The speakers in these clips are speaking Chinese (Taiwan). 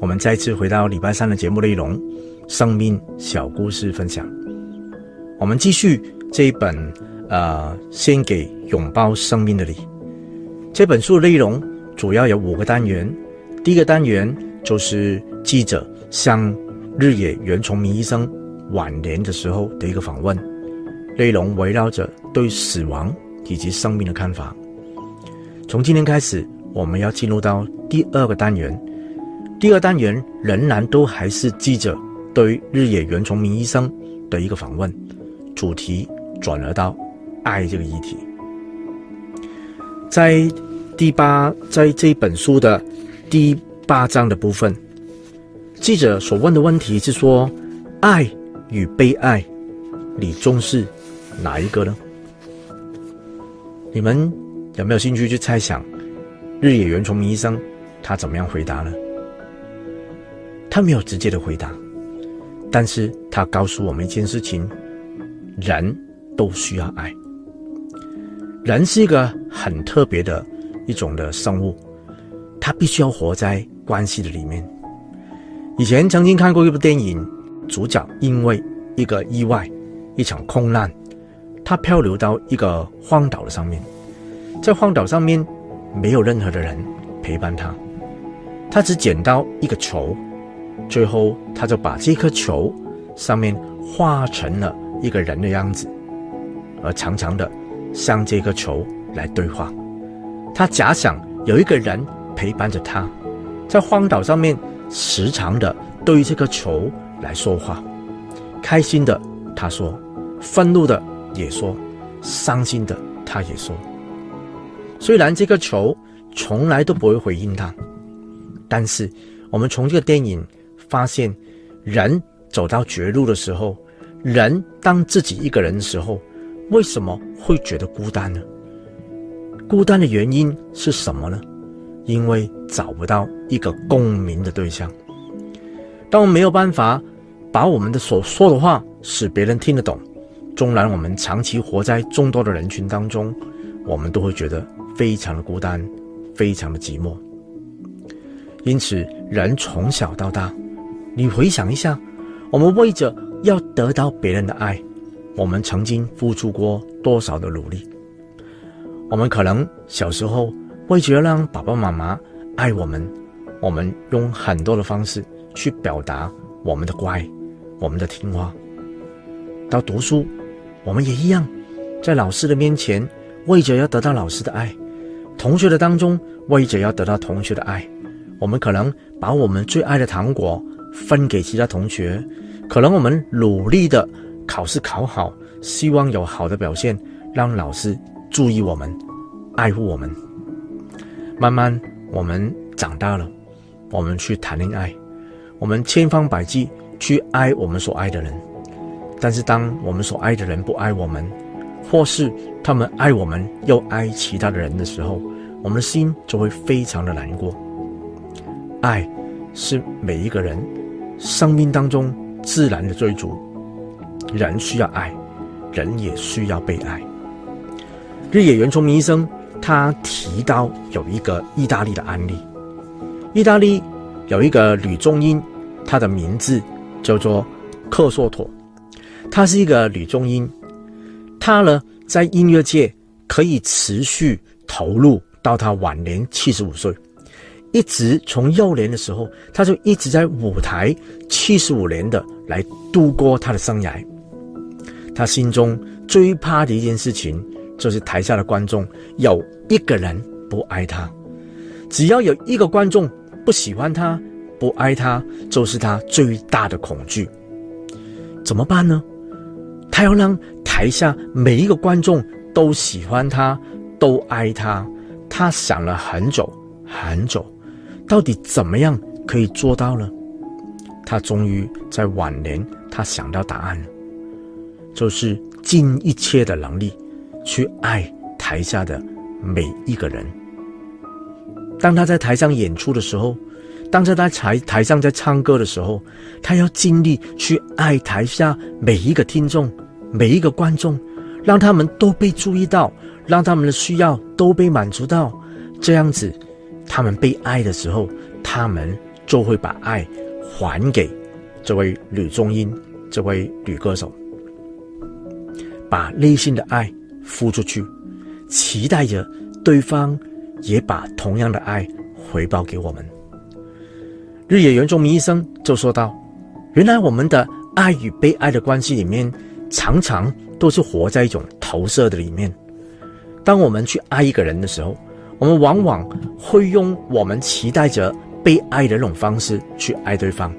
我們再次回到禮拜三的節目內容，生命小故事分享。我們繼續這一本呃，獻給擁抱生命的你。這本書的內容主要有五個單元，第一個單元就是記者向日野原重明醫生晚年的時候的一個訪問，內容圍繞着對死亡以及生命的看法。從今天開始，我們要進入到第二個單元。第二單元仍然都還是記者對日野原重明醫生的一個訪問，主題轉而到愛這個議題。在第八，在這本書的第八章的部分，記者所問的問題是說：愛與被愛，你重視哪一個呢？你們有沒有興趣去猜想日野原重明醫生他怎麼樣回答呢？他沒有直接的回答，但是他告訴我們一件事情：人都需要愛。人是一個很特別的一種的生物，他必須要活在關係的裡面。以前曾經看過一部電影，主角因為一個意外，一場空難，他漂流到一個荒島的上面，在荒島上面沒有任何的人陪伴他，他只撿到一個球。最後，他就把這顆球上面畫成了一個人的樣子，而常常的向這顆球來對話。他假想有一個人陪伴着他，在荒島上面時常的對這顆球來說話，開心的他說，憤怒的也說，傷心的他也說。雖然這顆球從來都不會回應他，但是我們從這個電影。發現，人走到絕路的時候，人當自己一個人的時候，為什麼會覺得孤單呢？孤單的原因是什麼呢？因為找不到一個共鳴的對象。當我們沒有辦法把我們的所說的話使別人聽得懂，縱然我們長期活在眾多的人群當中，我們都會覺得非常的孤單，非常的寂寞。因此，人從小到大。你回想一下，我們為着要得到別人的愛，我們曾經付出過多少的努力？我們可能小時候為着要讓爸爸媽媽愛我們，我們用很多的方式去表達我們的乖、我們的聽話。到讀書，我們也一樣，在老師的面前為着要得到老師的愛，同學的當中為着要得到同學的愛，我們可能把我們最愛的糖果，分給其他同學，可能我們努力地考試考好，希望有好的表現，讓老師注意我們，愛護我們。慢慢我們長大了，我們去談戀愛，我們千方百計去愛我們所愛的人。但是當我們所愛的人不愛我們，或是他們愛我們又愛其他的人的時候，我們的心就會非常的難過。愛是每一個人，生命當中自然的追逐，人需要愛，人也需要被愛。日野原重明醫生他提到有一個意大利的案例，意大利有一個女中音，她的名字叫做克索托，她是一個女中音，她呢在音樂界可以持續投入到她晚年七十五歲。一直從幼年的時候，他就一直在舞台七十五年的來度過他的生涯。他心中最怕的一件事情，就是台下的觀眾有一個人不愛他，只要有一個觀眾不喜歡他、不愛他，就是他最大的恐懼。怎麼辦呢？他要讓台下每一個觀眾都喜歡他、都愛他。他想了很久很久。到底怎麼樣可以做到呢？他終於在晚年，他想到答案了，就是盡一切的能力去愛台下的每一個人。當他在台上演出的時候，當他在他台台上在唱歌的時候，他要盡力去愛台下每一個聽眾、每一個觀眾，讓他們都被注意到，讓他們的需要都被滿足到，這樣子。他們被愛的時候，他們就會把愛還給這位女中音，這位女歌手，把內心的愛付出去，期待着對方也把同樣的愛回報給我們。日野原重明醫生就說道：“原來我們的愛與被愛的關係裡面，常常都是活在一種投射的裡面。當我們去愛一個人的時候。”我們往往會用我們期待着被愛的那種方式去愛對方，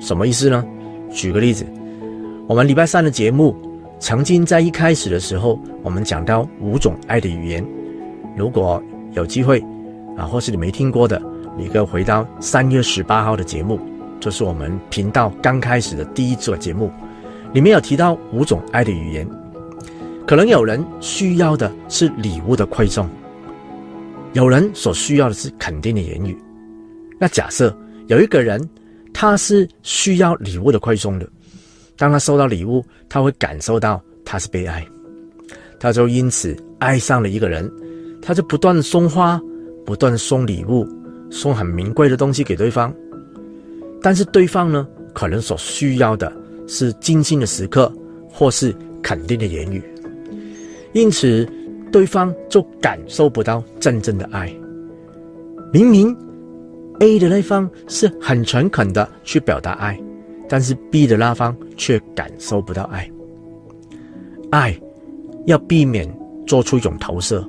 什麼意思呢？舉個例子，我們禮拜三的節目曾經在一開始的時候，我們講到五種愛的語言。如果有機會啊，或是你沒聽過的，你可以回到三月十八號的節目，這，就是我們頻道剛開始的第一組節目，裡面有提到五種愛的語言。可能有人需要的是禮物的饋贈。有人所需要的是肯定的言語。那假設有一個人，他是需要禮物的饋送的。當他收到禮物，他會感受到他是被愛，他就因此愛上了一個人，他就不斷的送花，不斷的送禮物，送很名貴的東西給對方。但是對方呢，可能所需要的是精心的時刻，或是肯定的言語。因此。對方就感受不到真正的愛。明明，A 的那方是很誠懇的去表達愛，但是 B 的那方卻感受不到愛。愛，要避免做出一種投射，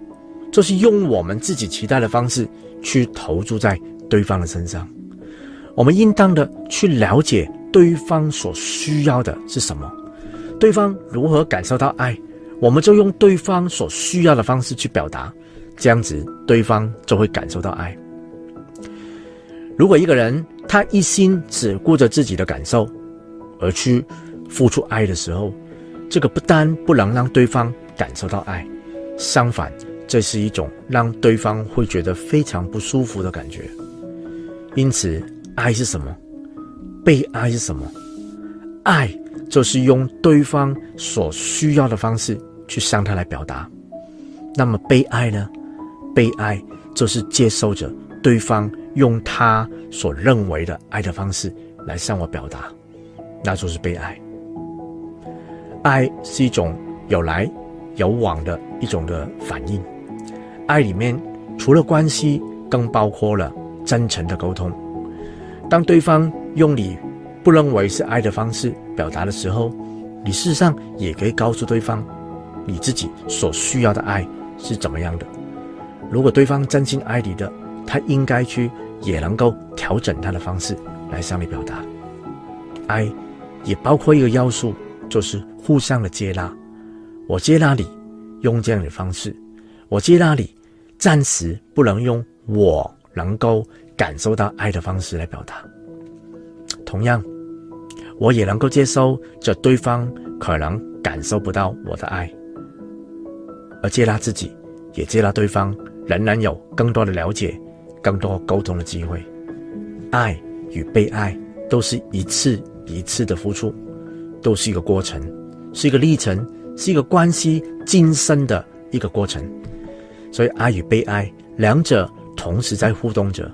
就是用我們自己期待的方式去投注在對方的身上。我們應當的去了解對方所需要的是什麼，對方如何感受到愛。我們就用對方所需要的方式去表達，這樣子對方就會感受到愛。如果一個人他一心只顧着自己的感受而去付出愛的時候，這個不單不能讓對方感受到愛，相反，這是一種讓對方會覺得非常不舒服的感覺。因此，愛是什麼？被愛是什麼？愛就是用對方所需要的方式。去向他來表達，那麼悲哀呢？悲哀就是接受着對方用他所認為的愛的方式來向我表達，那就是悲哀。愛是一種有來有往的一種的反應。愛裡面除了關係，更包括了真誠的溝通。當對方用你不認為是愛的方式表達的時候，你事實上也可以告訴對方。你自己所需要的愛是怎麼樣的？如果對方真心愛你的，他應該去也能夠調整他的方式來向你表達。愛也包括一個要素，就是互相的接納。我接納你，用這樣的方式；我接納你，暫時不能用我能夠感受到愛的方式來表達。同樣，我也能夠接受這對方可能感受不到我的愛。而接納自己，也接納對方，仍然，然有更多的了解，更多溝通的機會。愛與被愛都是一次一次的付出，都是一個過程，是一個歷程，是一個關係今生的一個過程。所以，愛與被愛兩者同時在互動着，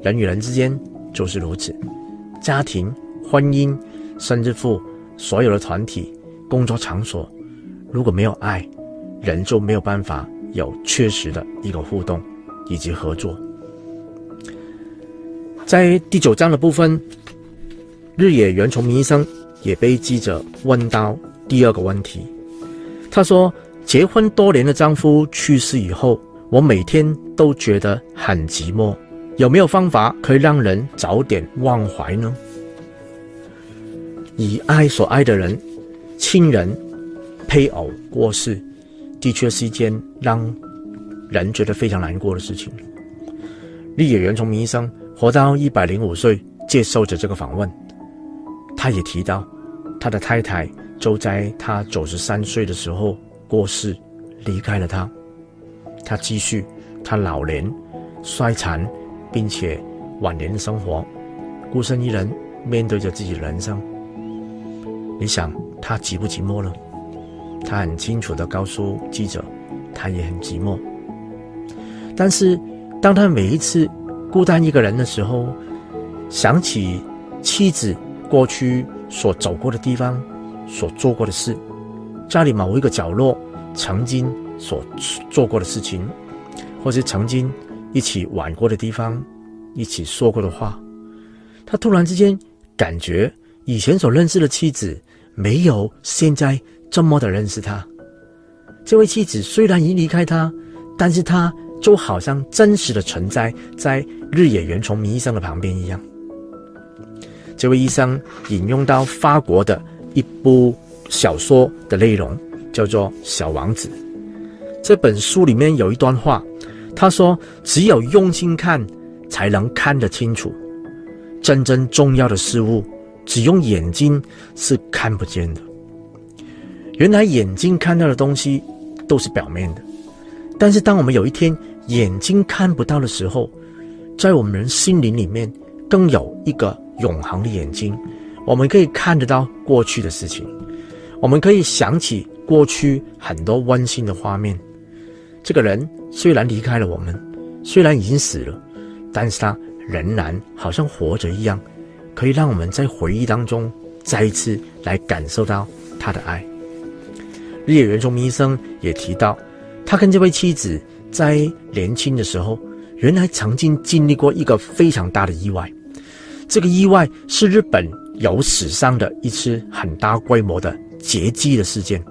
人與人之間就是如此。家庭、婚姻，甚至乎，所有的團體、工作場所，如果沒有愛，人就沒有辦法有確實的一個互動，以及合作。在第九章的部分，日野原崇明醫生也被記者問到第二個問題，他說：“結婚多年的丈夫去世以後，我每天都覺得很寂寞，有沒有方法可以讓人早點忘懷呢？”以愛所愛的人，親人、配偶過世。的確是一件讓人覺得非常難過的事情。日野原重明醫生活到一百零五歲，接受着這個訪問，他也提到，他的太太就在他九十三歲的時候過世，離開了他。他繼續他老年衰殘，並且晚年的生活，孤身一人面對着自己的人生。你想他寂不寂寞呢？他很清楚的告訴記者：“他也很寂寞。但是，當他每一次孤單一個人的時候，想起妻子過去所走過的地方、所做過的事，家裡某一個角落曾經所做過的事情，或是曾經一起玩過的地方、一起說過的話，他突然之間感覺以前所認識的妻子沒有現在。”這麼的認識他，這位妻子雖然已離開他，但是他就好像真實的存在在日野原重明醫生的旁邊一樣。這位醫生引用到法國的一部小說的內容，叫做《小王子》。這本書裡面有一段話，他說：“只有用心看，才能看得清楚。真正重要的事物，只用眼睛是看不見的。”原來眼睛看到的東西都是表面的，但是當我們有一天眼睛看不到的時候，在我們人心靈裡面更有一個永恆的眼睛，我們可以看得到過去的事情，我們可以想起過去很多溫馨的畫面。這個人雖然離開了我們，雖然已經死了，但是他仍然好像活着一樣，可以讓我們在回憶當中再一次來感受到他的愛。日野原重明醫生也提到，他跟這位妻子在年輕的時候，原來曾經經歷過一個非常大的意外。這個意外是日本有史上的一次很大規模的劫機的事件。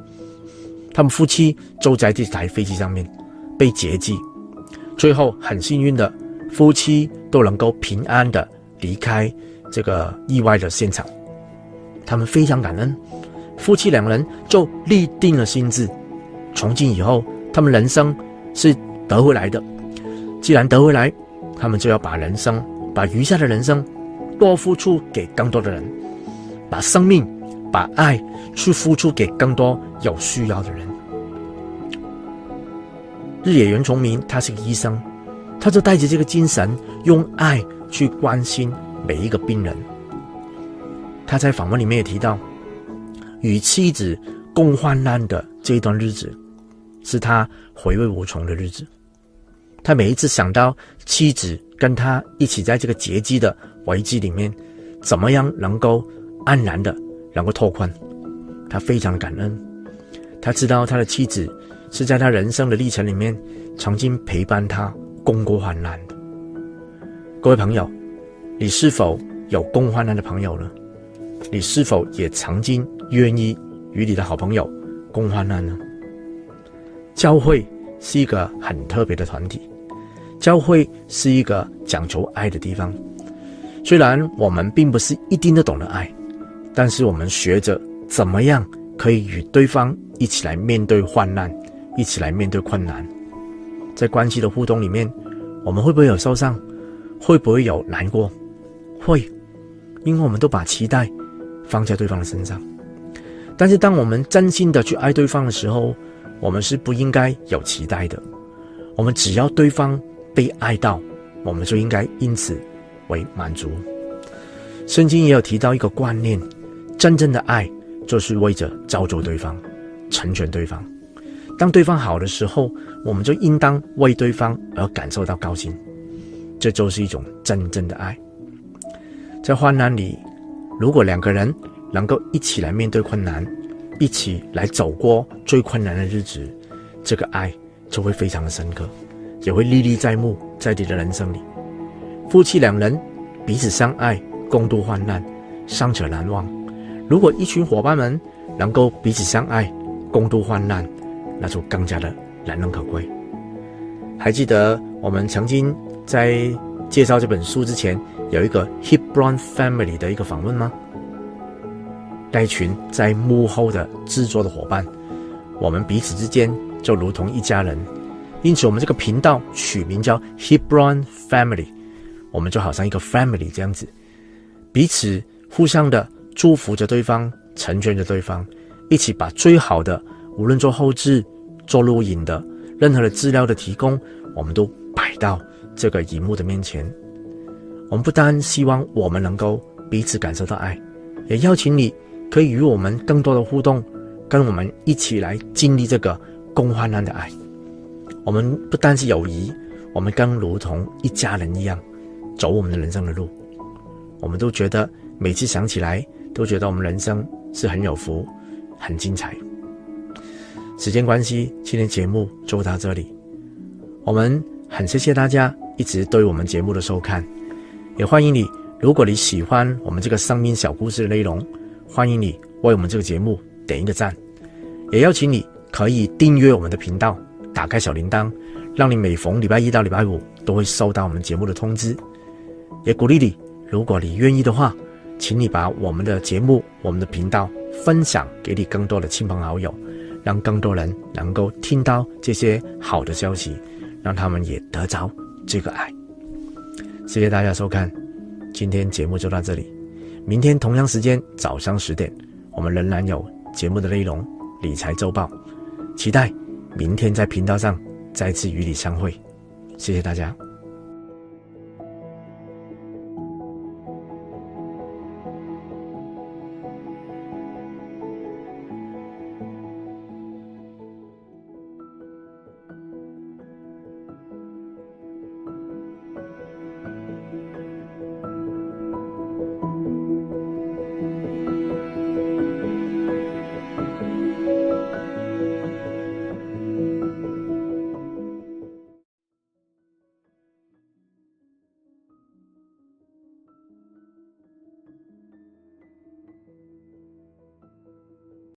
他們夫妻坐在這台飛機上面，被劫機，最後很幸運的，夫妻都能夠平安的離開這個意外的現場。他們非常感恩。夫妻兩人就立定了心志，從今以後，他們人生是得回來的。既然得回來，他們就要把人生，把餘下的人生，多付出給更多的人，把生命、把愛去付出給更多有需要的人。日野原重明，他是個醫生，他就帶着這個精神，用愛去關心每一個病人。他在訪問裡面也提到。與妻子共患難的這一段日子，是他回味無窮的日子。他每一次想到妻子跟他一起在這個劫機的危機裡面，怎麼樣能夠安然的能夠脫困，他非常感恩。他知道他的妻子是在他人生的歷程裡面曾經陪伴他共過患難的。各位朋友，你是否有共患難的朋友呢？你是否也曾經？願意與你的好朋友共患難呢？教會是一個很特別的團體，教會是一個講求愛的地方。雖然我們並不是一定都懂得愛，但是我們學着怎麼樣可以與對方一起來面對患難，一起來面對困難。在關係的互動裡面，我們會不會有受傷？會不會有難過？會，因為我們都把期待放在對方的身上。但是，當我們真心的去愛對方的時候，我們是不應該有期待的。我們只要對方被愛到，我們就應該因此為滿足。聖經也有提到一個觀念：真正的愛就是為着造就對方，成全對方。當對方好的時候，我們就應當為對方而感受到高興。這就是一種真正的愛。在患難裡，如果兩個人，能夠一起來面對困難，一起來走過最困難的日子，這個愛就會非常的深刻，也會歷歷在目，在你的人生裡。夫妻兩人彼此相愛，共度患難，傷者難忘。如果一群夥伴們能夠彼此相愛，共度患難，那就更加的難能可貴。還記得我們曾經在介紹這本書之前，有一個 Hebron Family 的一個訪問嗎？那群在幕後的制作的伙伴，我們彼此之間就如同一家人，因此我們這個頻道取名叫 Hebron Family，我們就好像一個 family 這樣子，彼此互相的祝福着對方，成全着對方，一起把最好的，無論做後製，做錄影的任何的資料的提供，我們都擺到這個熒幕的面前。我們不單希望我們能夠彼此感受到愛，也邀請你。可以與我們更多的互動，跟我們一起來經歷這個共患難的愛。我們不單是友誼，我們更如同一家人一樣，走我們的人生的路。我們都覺得每次想起來，都覺得我們人生是很有福，很精彩。時間關係，今天節目就到這裡。我們很謝謝大家一直對我們節目的收看，也歡迎你，如果你喜歡我們這個生命小故事的內容。歡迎你為我們這個節目點一個讚，也邀請你可以訂閱我們的頻道，打開小鈴鐺，讓你每逢禮拜一到禮拜五都會收到我們節目的通知。也鼓勵你，如果你願意的話，請你把我們的節目、我們的頻道分享給你更多的親朋好友，讓更多人能夠聽到這些好的消息，讓他們也得着這個愛。謝謝大家收看，今天節目就到這裡。明天同樣時間，早上十點，我們仍然有節目的內容《理財周報》，期待明天在頻道上再次與你相會。謝謝大家。